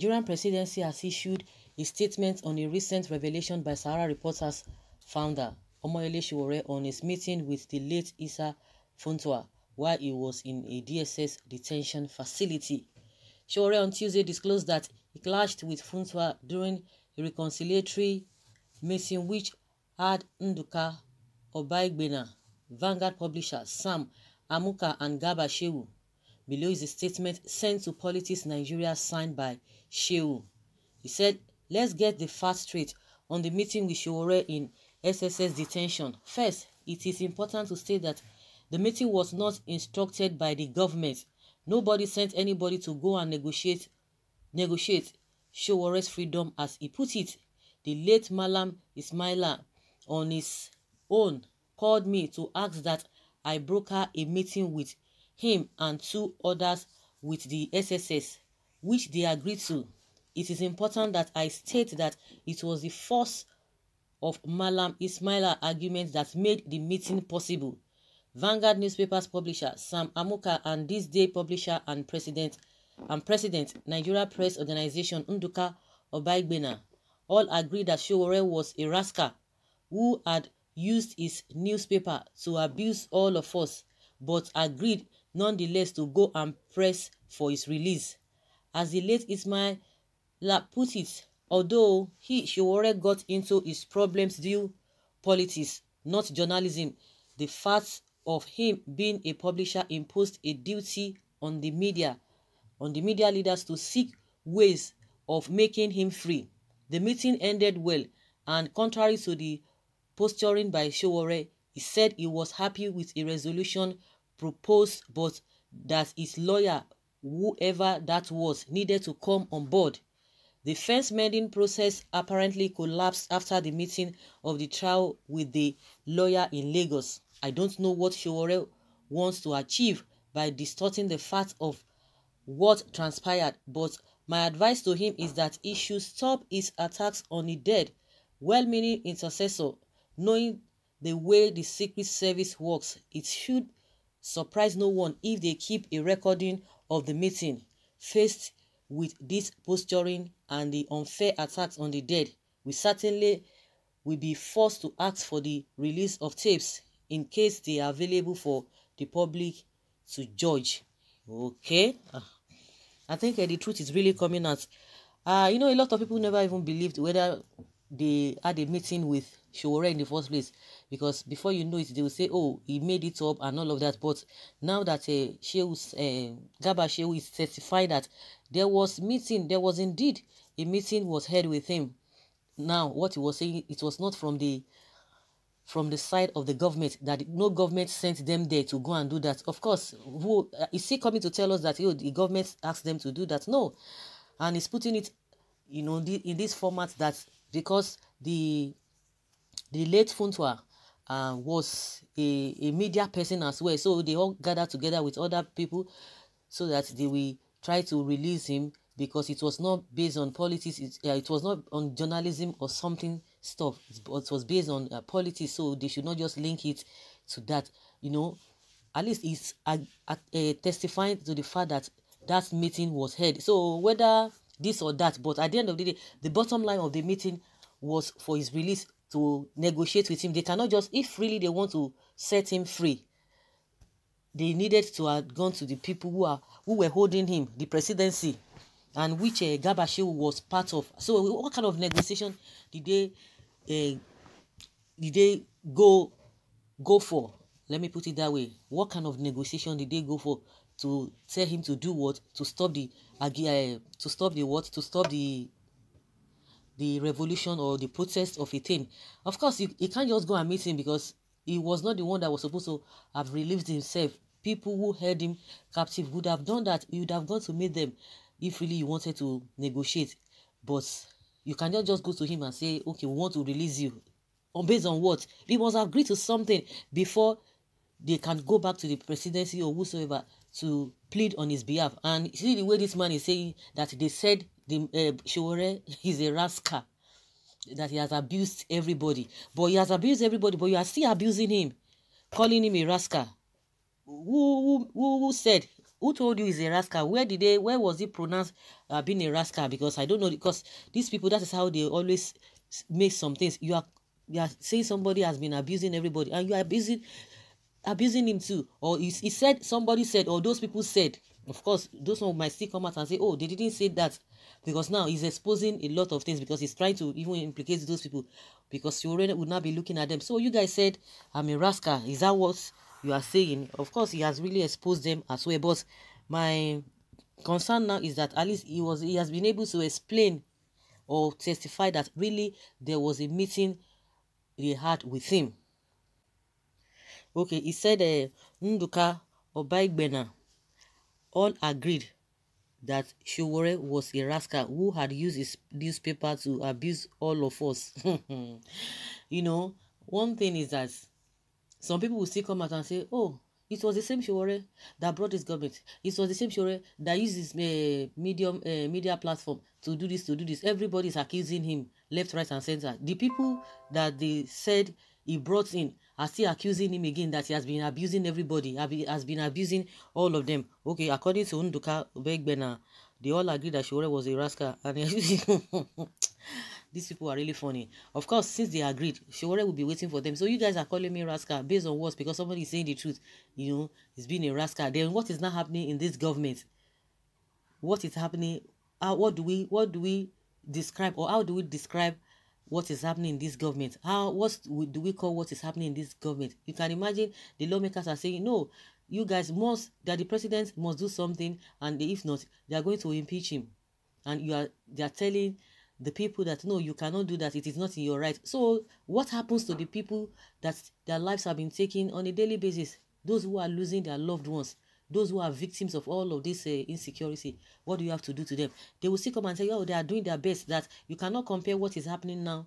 Nigerian presidency has issued a statement on a recent revelation by Sahara Reporters founder Omoyole Sowore on his meeting with the late Issa Funtua while he was in a DSS detention facility. Sowore on Tuesday disclosed that he clashed with Funtua during a reconciliatory meeting which had Nduka Obaigbena, Vanguard publisher Sam Amuka and Gaba Shehu Below is a statement sent to Politics Nigeria signed by Shehu. He said, let's get the facts straight on the meeting with Shore in SSS detention. First, it is important to state that the meeting was not instructed by the government. Nobody sent anybody to go and negotiate negotiate Showore's freedom as he put it. The late Malam Ismaila on his own called me to ask that I broker a meeting with him and two others with the SSS, which they agreed to. It is important that I state that it was the force of Malam Ismaila arguments that made the meeting possible. Vanguard newspapers publisher Sam Amuka and this day publisher and president and president Nigeria Press Organization Unduka Obaigbena all agreed that Showore was a rascal who had used his newspaper to abuse all of us, but agreed nonetheless to go and press for his release. As the late Ismail La put it, although he Shiwore got into his problems due politics, not journalism, the fact of him being a publisher imposed a duty on the media, on the media leaders to seek ways of making him free. The meeting ended well, and contrary to the posturing by Shiwore, he said he was happy with a resolution proposed, but that his lawyer, whoever that was, needed to come on board. The fence mending process apparently collapsed after the meeting of the trial with the lawyer in Lagos. I don't know what Shiwore wants to achieve by distorting the facts of what transpired, but my advice to him is that he should stop his attacks on the dead, well meaning intercessor, knowing the way the Secret Service works. It should surprise no one if they keep a recording of the meeting. Faced with this posturing and the unfair attacks on the dead, we certainly will be forced to ask for the release of tapes in case they are available for the public to judge. Okay. Ah. I think uh, the truth is really coming out. Uh, you know, a lot of people never even believed whether they had a meeting with Showore in the first place because before you know it they will say oh he made it up and all of that but now that uh, Shehu uh, Garba Shehu is certified that there was meeting there was indeed a meeting was held with him now what he was saying it was not from the from the side of the government that no government sent them there to go and do that of course who uh, is he coming to tell us that oh, the government asked them to do that no and he's putting it you know in this format that because the the late Funtua uh, was a, a media person as well. So they all gathered together with other people so that they will try to release him because it was not based on politics. It, uh, it was not on journalism or something stuff. It, was based on uh, politics. So they should not just link it to that. You know, at least it's uh, uh testifying to the fact that that meeting was held. So whether this or that. But at the end of the day, the bottom line of the meeting was for his release to negotiate with him. They cannot just, if really they want to set him free, they needed to have gone to the people who are who were holding him, the presidency, and which uh, eh, Gabashew was part of. So what kind of negotiation did they uh, did they go go for? Let me put it that way. What kind of negotiation did they go for? to tell him to do what to stop the uh, to stop the what to stop the the revolution or the protest of a thing. Of course, you, you can't just go and meet him because he was not the one that was supposed to have relieved himself. People who held him captive would have done that. You would have gone to meet them if really you wanted to negotiate. But you cannot just go to him and say, okay, we want to release you. On based on what? They must agree to something before they can go back to the presidency or whosoever to plead on his behalf. And see the way this man is saying that they said the uh, eh, Showore is a rascal, that he has abused everybody. But he has abused everybody, but you are still abusing him, calling him a rascal. Who, who, who, who said who told you he's a rascal where did they where was he pronounced uh, being a rascal because i don't know because these people that is how they always make some things you are you are saying somebody has been abusing everybody and you are abusing abusing him too or he, he said somebody said or those people said of course those one might still come out and say oh they didn't say that because now he's exposing a lot of things because he's trying to even implicate those people because you already would not be looking at them so you guys said i'm a rascal is that what you are saying of course he has really exposed them as well but my concern now is that at least he was he has been able to explain or testify that really there was a meeting he had with him okay he said uh, Nduka Obaigbena all agreed that Sowore was a rascal who had used his newspaper to abuse all of us. you know, one thing is that some people will still come out and say, oh, it was the same Sowore that brought this government. It was the same Sowore that used his uh, medium, uh, media platform to do this, to do this. Everybody is accusing him left, right, and center. The people that they said he brought in are still accusing him again that he has been abusing everybody, has been abusing all of them. Okay, according to Unduka Begbena, they all agreed that Shore was a rascal. And these people are really funny. Of course, since they agreed, Shore will be waiting for them. So you guys are calling me rascal based on what? Because somebody is saying the truth. You know, he's being a rascal. Then what is not happening in this government? What is happening? Uh, what do we what do we describe or how do we describe what is happening in this government. How what do we call what is happening in this government? You can imagine the lawmakers are saying, no, you guys must that the president must do something, and if not, they are going to impeach him. And you are they are telling the people that no, you cannot do that. It is not in your right. So what happens to the people that their lives have been taken on a daily basis? Those who are losing their loved ones, those who are victims of all of this uh, insecurity, what do you have to do to them? They will still come and say, oh, they are doing their best. That you cannot compare what is happening now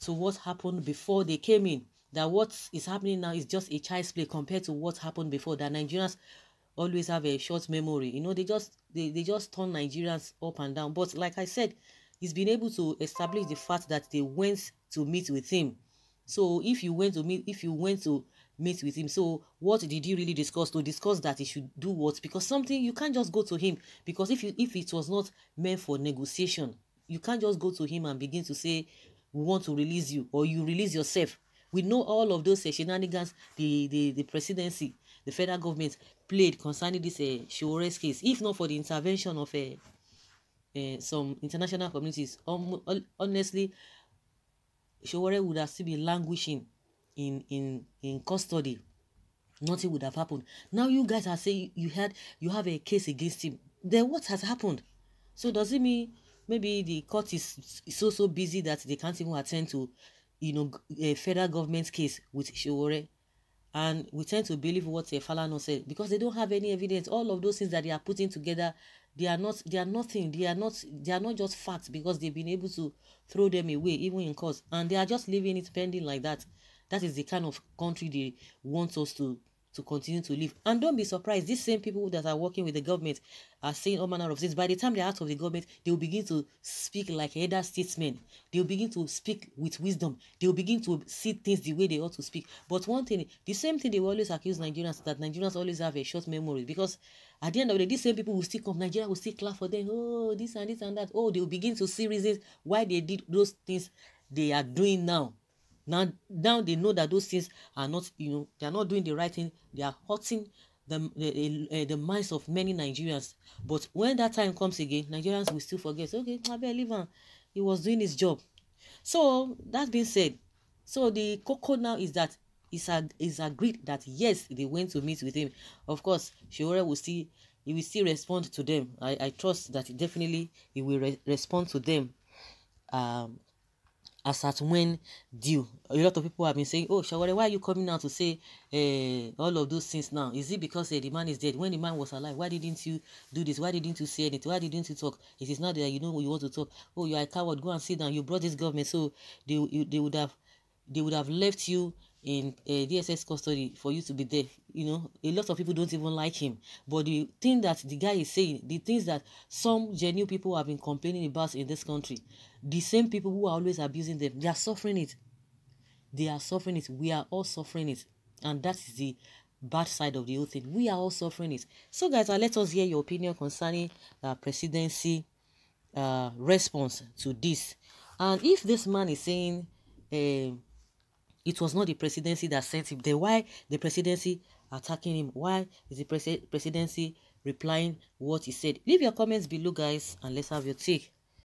to what happened before they came in. That what is happening now is just a child's play compared to what happened before. That Nigerians always have a short memory. You know, they just they, they just turn Nigerians up and down. But like I said, he's been able to establish the fact that they went to meet with him. So if you went to meet, if you went to meet with him. So, what did you really discuss to discuss that he should do what? Because something you can't just go to him because if you if it was not meant for negotiation, you can't just go to him and begin to say we want to release you or you release yourself. We know all of those uh, shenanigans the, the, the presidency, the federal government played concerning this uh, Shores case. If not for the intervention of uh, uh, some international communities, um, honestly, Shore would have still been languishing in in in custody nothing would have happened now you guys are saying you had you have a case against him then what has happened so does it mean maybe the court is so so busy that they can't even attend to you know a federal government case with Shiwore and we tend to believe what Falano said because they don't have any evidence all of those things that they are putting together they are not they are nothing they are not they are not just facts because they've been able to throw them away even in court and they are just leaving it pending like that that is the kind of country they want us to to continue to live. And don't be surprised, these same people that are working with the government are saying all manner of things. By the time they're out of the government, they will begin to speak like elder statesmen. They will begin to speak with wisdom. They will begin to see things the way they ought to speak. But one thing, the same thing they always accuse Nigerians that Nigerians always have a short memory because at the end of the day, these same people will still come. Nigeria will still clap for them. Oh, this and this and that. Oh, they will begin to see reasons why they did those things they are doing now now, now they know that those things are not, you know, they are not doing the right thing. They are hurting the, the, uh, the minds of many Nigerians. But when that time comes again, Nigerians will still forget. Okay, maybe even he was doing his job. So that being said, so the cocoa now is that it's, ag- it's agreed that yes, they went to meet with him. Of course, Shiore will still he will still respond to them. I, I trust that definitely he will re- respond to them um, as at when due. A lot of people have been saying, Oh, Shawari, why are you coming out to say uh, all of those things now? Is it because uh, the man is dead? When the man was alive, why didn't you do this? Why didn't you say anything? Why didn't you talk? It is not that you know you want to talk. Oh, you are a coward. Go and sit down. You brought this government. So they, they would have they would have left you in a DSS custody for you to be there. You know, a lot of people don't even like him. But the thing that the guy is saying, the things that some genuine people have been complaining about in this country, the same people who are always abusing them, they are suffering it. They are suffering it. We are all suffering it. And that is the bad side of the whole thing. We are all suffering it. So, guys, uh, let us hear your opinion concerning uh, presidency uh, response to this. And if this man is saying, uh, it was not the presidency that sent him. Then why the presidency attacking him? Why is the pres presidency replying what he said? Leave your comments below, guys, and let's have your take.